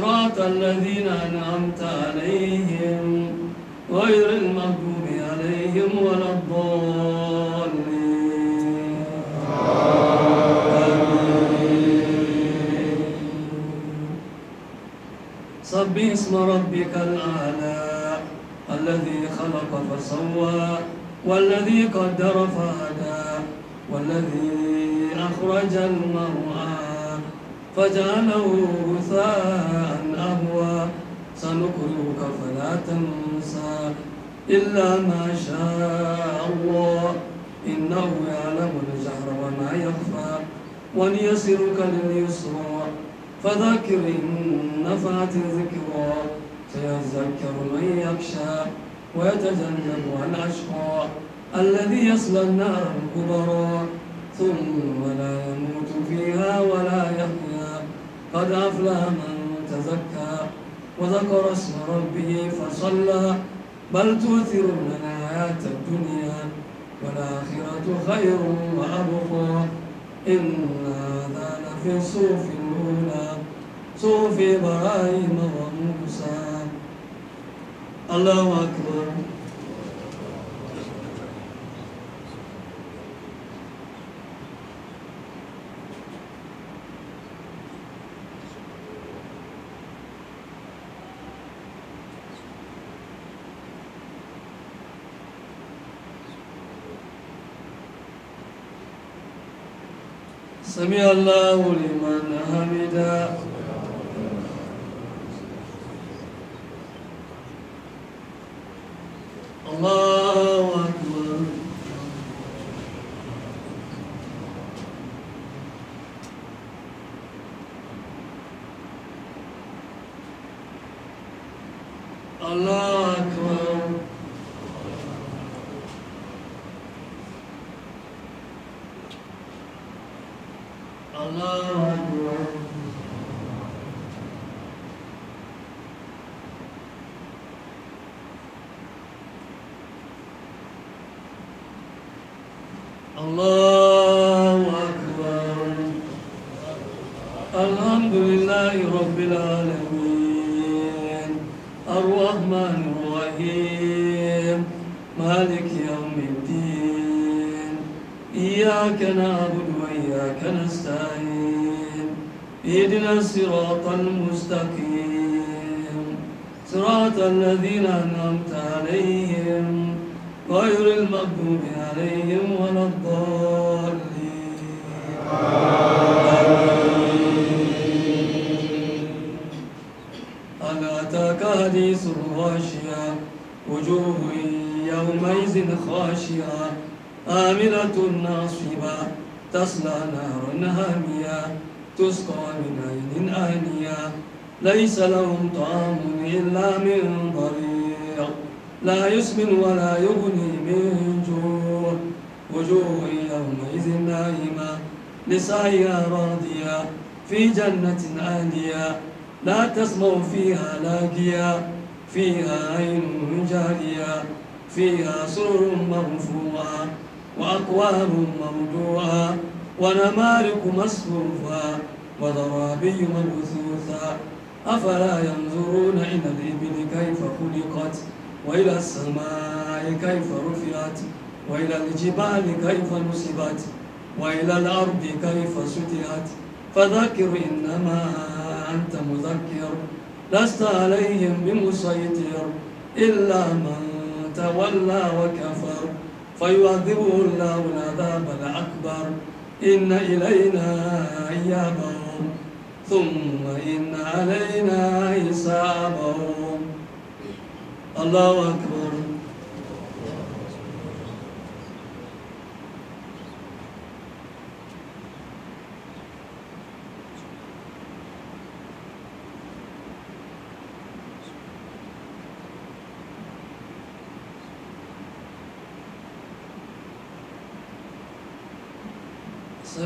صراط الذين أنعمت عليهم غير المغضوب عليهم ولا الضالين سبح اسم ربك الأعلى الذي خلق فسوى والذي قدر فهدى والذي أخرج المرعى فجعله غثاء أهوى سنقرئك فلا تنسى إلا ما شاء الله إنه يعلم الجهر وما يخفى وليسرك لليسرى فذكر إن نفعت الذكرى سيذكر من يخشى ويتجنب الأشقى الذي يصلى النار الكبرى ثم لا يموت فيها ولا يحيى قد أفلح من تزكى وذكر اسم ربه فصلى بل تؤثرون الحياة الدنيا والآخرة خير وأبقى إن هذا لفي الصوف الأولى صوف إبراهيم وموسى الله أكبر سمع الله لمن حمده تصلى نارا هامية تسقى من عين آنية ليس لهم طعام إلا من ضريع لا يسمن ولا يغني من جوع وجوه يومئذ نائمة لسعيها راضية في جنة آنية لا تسمع فيها لاقية فيها عين جارية فيها سرر مرفوعة وأقوام موضوعة ونمارق مصفوفة وضرابي مبثوثة أفلا ينظرون إلى الإبل كيف خلقت وإلى السماء كيف رفعت وإلى الجبال كيف نصبت وإلى الأرض كيف سطحت فذكر إنما أنت مذكر لست عليهم بمسيطر إلا من تولى وكفر فيعذبه الله العذاب الأكبر إن إلينا إيابهم ثم إن علينا حسابهم الله أكبر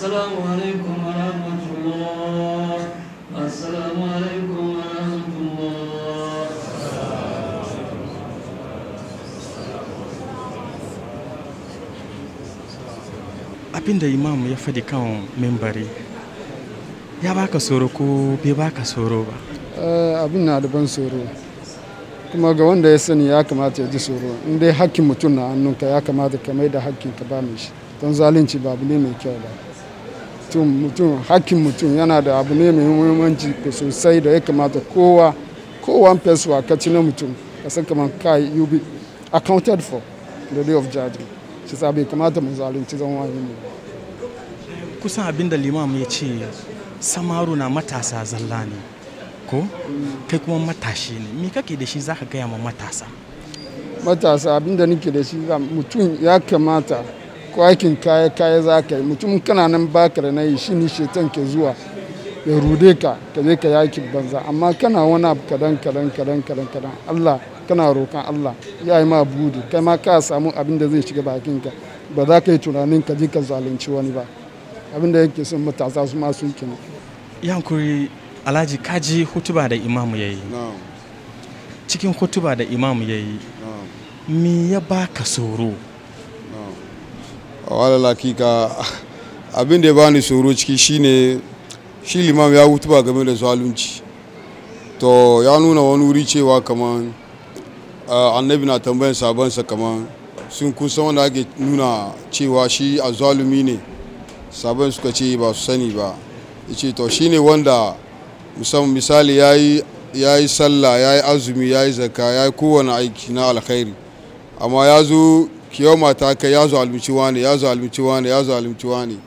السلام عليكم ورحمة الله السلام عليكم ورحمة الله abinda imamu ya faɗi kan membari ya baka tsoro ko bai baka tsoro ba eh, abin na da ban tsoro kuma ga wanda ya sani ya kamata ya ji tsoro in dai hakkin mutum na hannunka ya kamata ka mai da hakkin ka ba mai shi don zalunci babu ne mai kyau ba mutum mutum hakkin mutum yana da abu ne mai muhimmanci sosai da ya kamata kowa kowa fesuwa ka ci na mutum ka san kamar kai you be accounted for the day of judging shi sa bai kamata mu zalunci zan wani ne kusan abin da limam ya ce samaru na matasa zalla ne ko kai kuma matashi ne me kake da shi zaka ga ma matasa matasa abin da nake da shi mutum ya kamata kwakin kaya kaya za ka yi mutum kana nan baka da nayi shi ne shetan ke zuwa ya rude ka ka je ka yaki banza amma kana wani abu kadan kadan kadan kadan kadan Allah kana roƙon Allah ya yi ma budi kai ma ka samu abin da zai shiga bakin ka ba za ka yi tunanin ka je ka zalunci wani ba abin da yake son matasa su ma kina kenan yankuri alhaji kaji hutuba da imamu ya yi cikin hutuba da imamu ya yi me ya baka tsoro wala hakika abin da ya bani tsoro ciki shine shi limam ya ba game da zalunci to ya nuna wani wuri cewa kamar annabi na tambayan sabansa kamar sun san wanda ake nuna cewa shi a zalumi ne sabon suka ce ba su sani ba ya ce to shine wanda musamman misali ya yi sallah ya yi azumi ya yi zaka ya yi kowane aiki na alkhairi amma ya zo kiyoma ta kai ya zalunci wani ya zalunci wani ya zalunci wani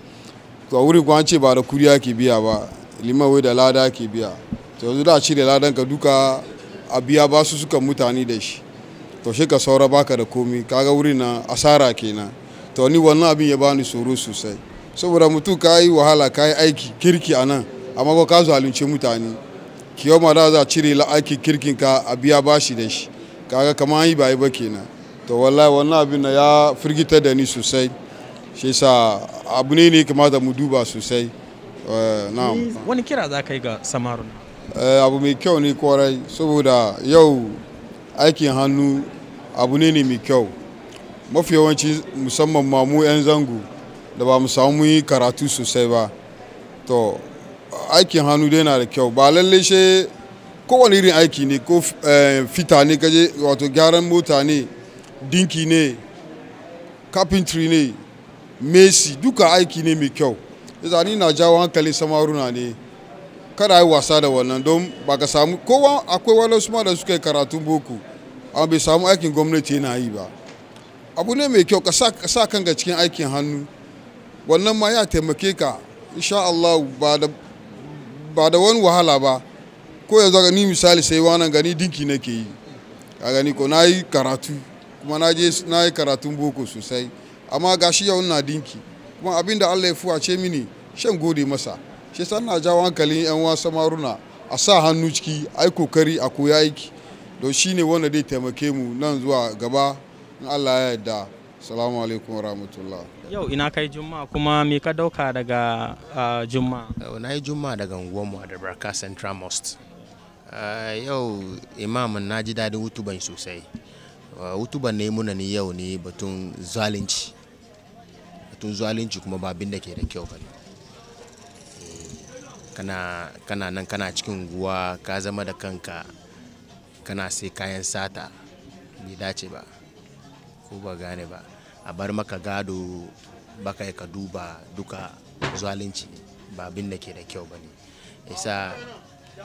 to wuri an ce ba da kuriya ke biya ba liman wai da lada ke biya to yanzu da cire ladan ka duka a biya ba su suka mutane da shi to shi ka saura baka da komi kaga wuri na asara kenan to ni wannan abin ya bani tsoro sosai saboda mutu ka yi wahala ka yi aiki kirki a nan amma ko ka zalunce mutane kiyoma da za a cire la aiki kirkin ka a biya bashi da shi kaga kamar an yi ba yi ba kenan to wallahi wannan abin na ya firgita da ni sosai shi yasa abu ne ne kamata mu duba sosai eh, na'am wani kira za ka yi ga samarun eh, abu mai kyau ne kwarai saboda yau aikin hannu abu ne ne mai kyau mafi yawanci musamman ma mu 'yan zango da ba mu samu yi karatu sosai ba to aikin hannu dai na da kyau ba lalle shi kowane irin aiki ne ko eh, fita ne kaje wato gyaran mota ne dinki ne carpentry ne mesi duka aiki ne mai kyau yanzu ni na jawo hankali samaruna ne kada yi wasa da wannan don ba ka samu kowa akwai wani suma da suka yi karatu boko amma bai samu aikin gwamnati yana yi ba abu ne mai kyau ka sa kanka cikin aikin hannu wannan ma ya taimake ka insha Allah ba da wani wahala ba ko yanzu ni misali sai wannan gani dinki nake yi a gani ko na yi karatu kuma na je na yi karatun boko sosai amma gashi yau na dinki kuma abin da Allah ya ce mini shan gode masa shi san na jawo hankalin yan wasa maruna a sa hannu ciki ai kokari a koya aiki to shine wanda zai taimake mu nan zuwa gaba in Allah ya yarda salamu alaikum warahmatullah yau ina kai juma'a kuma me ka dauka daga juma yau na yi juma'a daga unguwarmu da dabarka central mosque yau imamin na ji daɗin hutuban sosai Uh, hutuban ne muna ni yau ne batun zalunci batun zalunci kuma ba abin da ke da kyau ba eh, kana kana nan kana cikin guwa ka zama da kanka kana sai kayan sata bai dace ba ko ba gane ba a bar maka gado baka ka duba duka zalunci ba abin da ke da kyau ba ne isa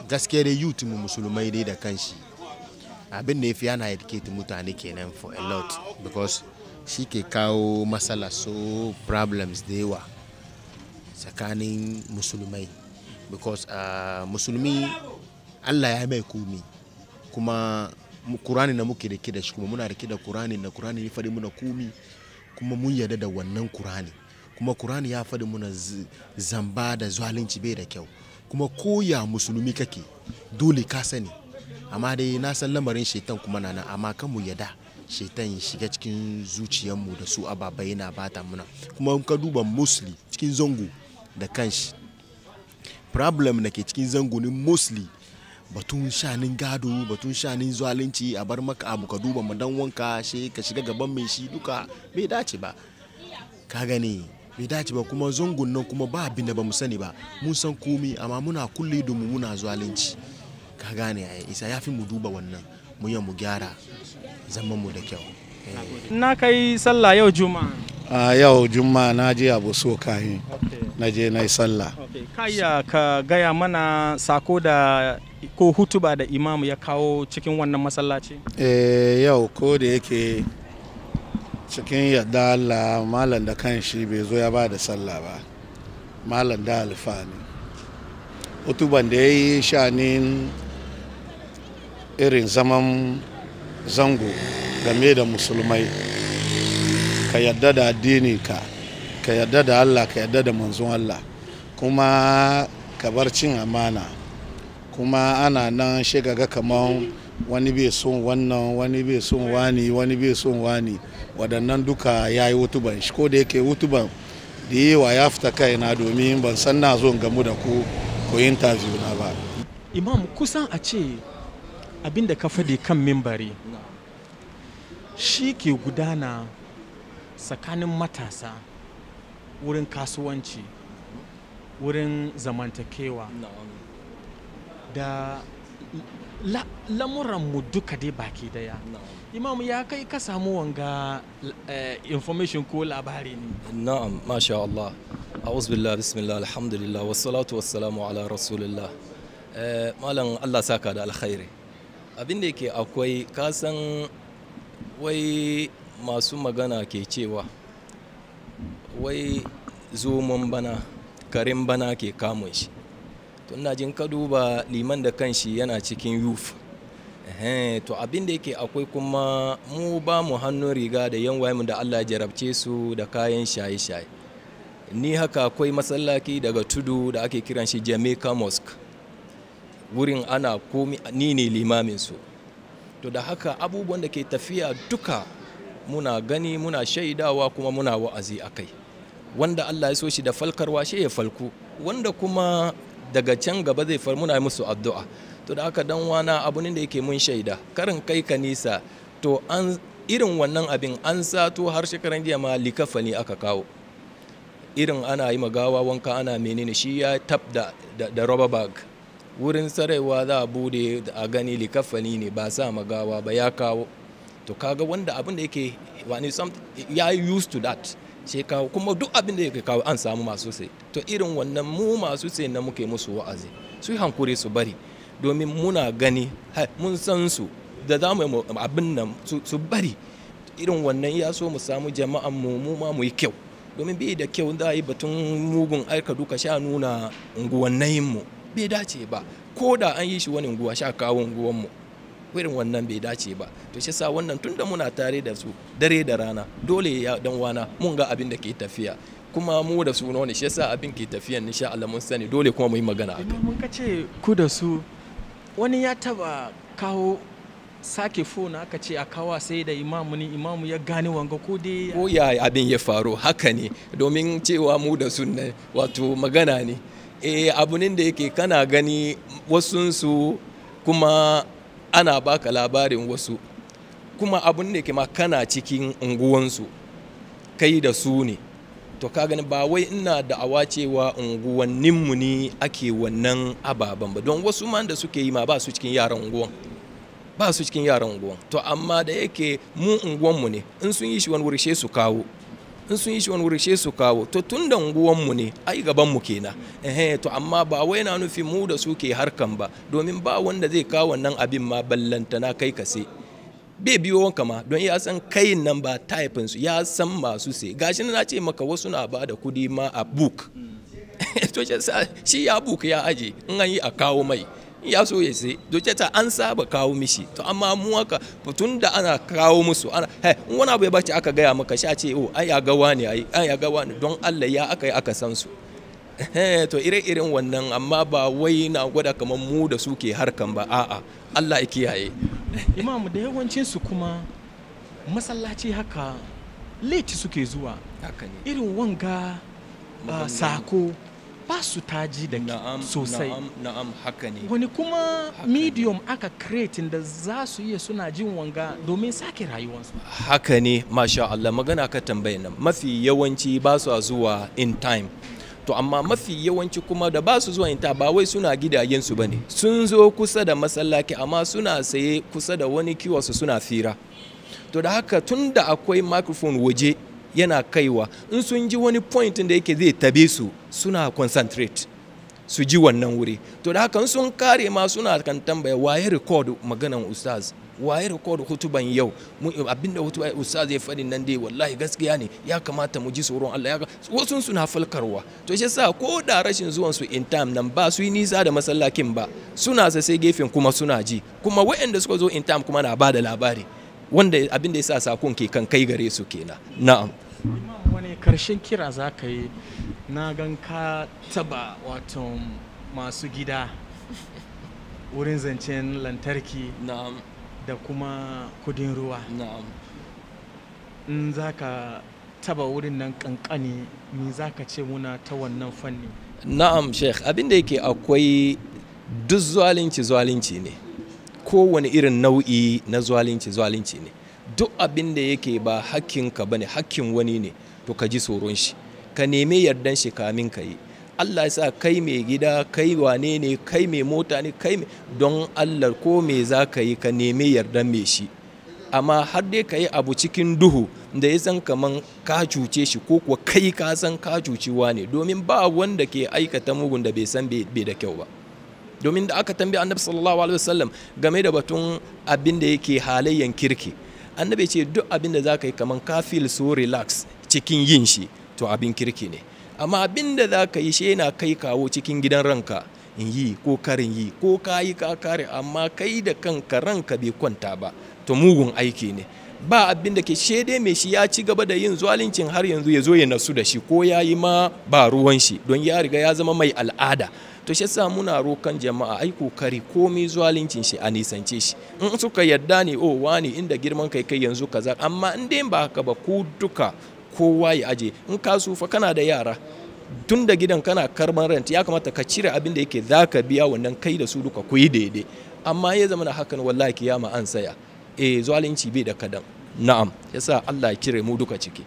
gaskiya dai yutu musulmai dai da kanshi abin da ya fi ana educate mutane kenan for a lot because shi ke kawo matsala so problems da yawa tsakanin musulmai because uh, musulmi allah ya mai kumi kuma kurani na muke ke da shi kuma muna ke da kurani na kurani ya faɗi muna kumi kuma mun yarda da wannan kurani kuma kurani ya faɗi muna zamba da zalunci bai da kyau kuma koya musulmi kake dole ka sani amma dai na san lamarin shaitan kuma na nan amma kan mu yada shaitan ya shiga cikin zuciyarmu da su ababa yana bata muna kuma ka duba mostly cikin zango da kanshi problem da ke cikin zango ne mostly batun shanin gado batun shanin zalunci a bar maka abu ka duba dan wanka shi ka shiga gaban mai shi duka bai dace ba ka gani bai dace ba kuma zangon nan kuma ba abin da ba mu sani ba mun san komi amma muna kulle domin muna zalunci ka gane a isa ya fi mu duba wannan mu mu gyara zaman mu da kyau eh. na kai sallah yau juma'a a yau juma'a na je abu so kayi na je na yi sallah kaya ka gaya mana sako da ko hutuba da imamu ya kawo cikin wannan masallaci eh yau ko da yake cikin yadda Allah malam da kan shi bai zo ya ba da sallah ba malam da alfani hutuban da ya yi shanin irin zaman zango game da musulmai ka yadda da addini ka yadda da allah ka yadda da manzon allah kuma ka bar cin amana kuma ana nan shigaga kamar wani bai son wannan wani bai son wani wani bai son wani waɗannan duka ya yi wutuban shi ko da yake wutuban da yi wa ya fita kai na domin ban san na zo gamu da ku ko interview na ba imam kusan a ce abinda ka faɗi kan mimbari shi ke gudana tsakanin matasa wurin kasuwanci wurin zamantakewa da lamuranmu duka dai baki daya imamu imam ya kai ka samu wanga eh, information ko labari ne na'am masha Allah a'udhu billahi bismillah alhamdulillah wassalatu wassalamu ala rasulillah eh, malam Allah saka da alkhairi abin da ke akwai kasan wai masu magana ke cewa wai zomon bana karin bana ke kamun shi tun jin ka duba liman da shi yana cikin yuf to abin da yake akwai kuma mu ba mu hannun riga da yan mu da allah jarabce su da kayan shaye-shaye ni haka akwai masallaki daga tudu da ake kiran shi jamaica mosque wurin ana komi ni ne limamin su to da haka abubuwan da ke tafiya duka muna gani muna shaidawa kuma muna wa'azi a kai wanda Allah ya so shi da falkarwa shi ya falku wanda kuma daga can gaba zai far muna musu addu'a to da haka dan wana abu ne da yake mun shaida karin kai ka nisa to an irin wannan abin an sato har shekaran jiya ma likafani aka kawo irin ana yi magawa wanka ana menene shi ya tab da, roba bag wurin sarewa za a bude a gani likafani ne ba sa magawa ba ya kawo to kaga wanda abin da yake wani ya used to that sai kawo kuma duk abin da yake kawo an samu masu sai to irin wannan mu masu sai na muke musu wa'azi su yi hankuri su bari domin muna gani mun san su da za mu abin nan su bari irin wannan ya so mu samu jama'an mu mu ma mu yi kyau domin bai da kyau za a yi batun mugun aika duka sha nuna unguwannayin mu bai dace ba ko da an yi shi wani unguwa sha kawo unguwanmu irin wannan bai dace ba to shi sa wannan tunda muna tare da su dare da rana dole ya dan wana mun ga abin da ke tafiya kuma mu da su ne shi yasa abin ke tafiyan insha Allah mun sani dole kuma mu yi magana a kai mun kace ku da su wani ya taba kawo sake fona aka ce a kawa sai da imamu ne imamu ya gane wanga ko dai ya abin ya faru haka ne domin cewa mu da sunna wato magana ne e eh, abu ne da yake kana gani wasunsu kuma ana baka labarin wasu kuma abun da yake ma kana cikin unguwansu kai da su ne to ka gani ba wai ina da awa cewa unguwanninmu ne ake wannan ababen ba don wasu ma da suke yi ma ba su cikin yaran unguwan ba su cikin yaran unguwan to amma da yake mu unguwanmu ne in sun yi shi wani wurishe su kawo in sun yi shi wani wuri su kawo to tun da mu ne ai gaban mu kenan to amma ba wai na nufi mu da su ke harkan ba domin ba wanda zai kawo wannan abin ma ballantana kai ka sai bai biyo wanka ma don ya san kayin nan ba taifin su ya san masu sai gashi na ce maka wasu na ba da kudi ma a book [LAUGHS] shi ya book ya aje in an yi a kawo mai ya so ya sai doke ta an saba kawo mishi to amma mu haka tun da ana kawo musu ana he in wani abu ya bace aka gaya maka sha ce oh ai ya ga wani ai an ya ga wani don Allah ya aka yi aka san su [LAUGHS] eh, to ire-iren wannan amma ba wai na gwada kamar mu da su ke harkan ba a'a Allah ya kiyaye [LAUGHS] imam da yawancin su kuma masallaci haka leci suke zuwa irin wanga ah, sako ba su taji da sosai wani kuma medium aka kretin da za su iya suna jin wanga domin sake rayuwarsu haka ne masha Allah magana ka tambaye nan mafi yawanci ba su zuwa in time to amma mafi yawanci kuma da ba su zuwa inta ba wai suna gidajensu ba ne sun zo kusa da masallaki amma suna saye kusa da wani kiwasu suna fira to da haka tun da akwai microphone waje yana kaiwa in sun ji wani point da yake zai tabe su suna concentrate su ji wannan wuri to da haka sun kare ma suna kan tambaya waye record maganan ustaz waye record hutuban yau abinda hutuba ustaz ya faɗi nan dai wallahi gaskiya ne ya kamata mu ji tsoron Allah wasu suna falkarwa to shi yasa ko da rashin zuwan su in time nan ba su yi nisa da masallakin ba suna sai gefen kuma suna ji kuma waɗanda suka zo in time kuma na ba da labari wanda abin da ya sa sakon ke kan kai gare su kenan na'am wani karshen kira za ka yi na gan ka taba wato masu gida wurin zancen lantarki da kuma kudin ruwa in za ka taba wurin nan kankani me za ka ce muna ta wannan fanni na'am sheikh abin da yake akwai duk zalunci zalunci ne kowane irin nau'i na zalunci zalunci ne duk abin da yake ba hakkinka bane hakkin wani ne to ka ji tsoron shi ka neme yardan shi kamin ka yi Allah ya sa kai mai gida kai wane ne kai mai mota ne kai don Allah ko me za ka yi ka nemi yardan mai shi amma har dai ka yi abu cikin duhu da ya san kaman ka cuce shi ko kuwa kai ka san ka cuci ne domin ba wanda ke aikata mugun da bai san bai da kyau ba domin da aka tambaye annabi sallallahu alaihi wasallam game da batun abin da yake halayyan kirki annabi ce duk abin da zaka yi kaman ka feel so relax cikin yin shi to abin kirki ne amma abin da zaka yi shi yana kai kawo cikin gidan ranka in yi ko karin yi ko ka yi ka kare amma kai da kanka ranka bai kwanta ba to mugun aiki ne ba abin da ke shede mai shi ya ci gaba da yin zalincin har yanzu ya zo ya nasu da shi ko ya yi ma ba ruwan shi don ya riga ya zama mai al'ada to shi yasa muna rokan jama'a ai kokari komai zalincin shi a nisance shi in suka yadda ne o oh, wani inda girman kai kai yanzu kaza amma in dai ba haka ba ku duka kowa ya aje in ka sufa kana da yara tun da gidan kana karban rent ya kamata ka cire abin da yake zaka biya wannan kai da su duka ku yi daidai amma ya zama na hakan wallahi kiyama an saya eh zalunci bai da kadan na'am yasa Allah ya kire mu duka ciki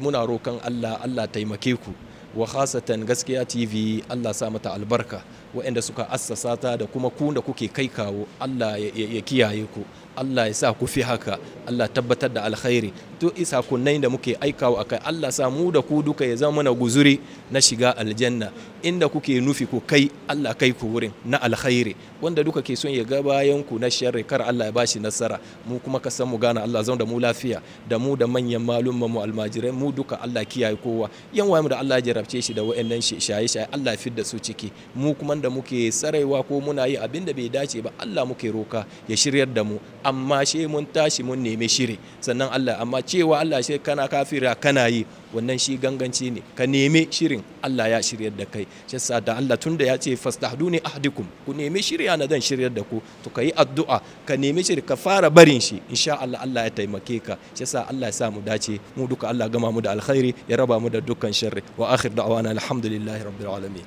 muna rokan Allah Allah taimake ku wa khasatan gaskiya tv allah sa mata albarka waɗanda suka assasa ta da kuma ku da kuke kai kawo allah ya kiyaye ku Allah ya sa ku fi haka Allah tabbatar da alkhairi to isa kunnai da muke aikawa akai Allah sa mu da ku duka ya zama na guzuri na shiga aljanna inda kuke nufi ku kai Allah kai ku wurin na alkhairi wanda duka ke son ya ga bayan ku na sharri kar Allah ya bashi nasara mu kuma ka san mu gana Allah zama da mu lafiya da mu da manyan malumma mu almajirai mu duka Allah kiyaye kowa yan mu da Allah ya jarabce shi da wayannan shaye-shaye Allah ya fidda su ciki mu kuma da muke sarewa ko muna yi abin da bai dace ba Allah muke roka ya shiryar da mu amma shi mun tashi mun nemi shiri sannan Allah amma cewa Allah shi kana kafira kana yi wannan shi ganganci ne ka nemi shirin Allah ya shiryar da kai shi yasa da Allah tunda ya ce fastahduni ahdikum ku nemi shirya na zan shiryar da ku to ka yi addu'a ka nemi shiri ka fara barin shi insha Allah Allah ya taimake ka shi yasa Allah ya sa mu dace mu duka Allah gama mu da alkhairi ya raba mu da dukkan sharri wa akhir da'wana alhamdulillahi rabbil alamin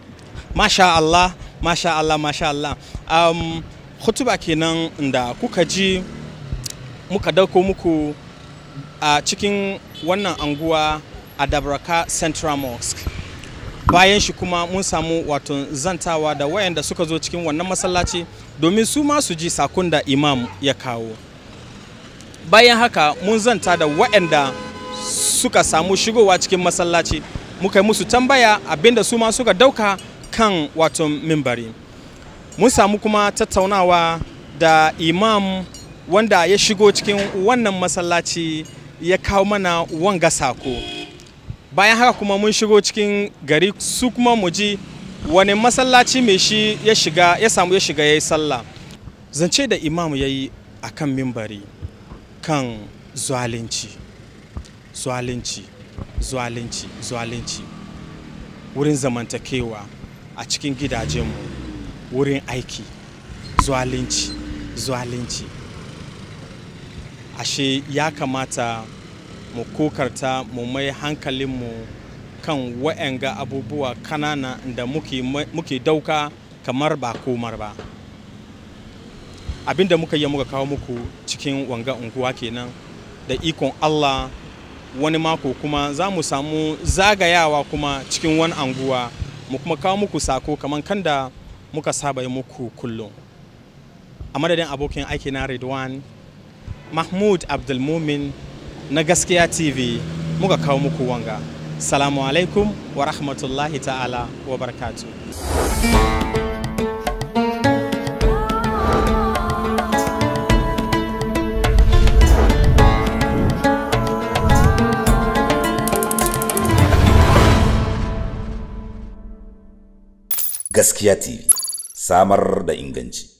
masha Allah masha Allah masha Allah um, hutuba kenan da kuka ji muka dauko muku a cikin wannan anguwa a dabraka central mosque bayan shi kuma mun samu wato zantawa da wayanda suka zo cikin wannan masallaci domin su ma su ji sakon da imam ya kawo bayan haka mun zanta da wayanda suka samu shigowa cikin masallaci muka yi musu tambaya abinda su ma suka dauka kan wato mimbari mun samu kuma tattaunawa da imam wanda ya shigo cikin wannan masallaci ya kawo mana wanga sako bayan haka kuma mun shigo cikin gari su kuma mu ji wani masallaci mai shi ya shiga ya samu ya shiga ya yi sallah zance da imam ya yi a kan mimbari kan zualinci zualinci zualinci zualinci wurin zamantakewa a cikin gidajenmu wurin aiki zalunci zalunci ashe ya kamata mu kokarta mu mai hankalinmu kan waɗanga abubuwa kanana da muke dauka kamar ba komar ba abinda muka yi muka kawo muku cikin wanga unguwa kenan da ikon allah wani mako kuma za mu samu zagayawa kuma cikin wani anguwa mu kuma kawo muku sako kamar kanda muka saba yi muku kullum a madadin abokin aiki na Ridwan Mahmud Abdulmumin na Gaskiya TV muka kawo muku wanga. Salamu alaikum wa rahmatullahi ta'ala wa barkatu Gaskiya TV. samar da inganci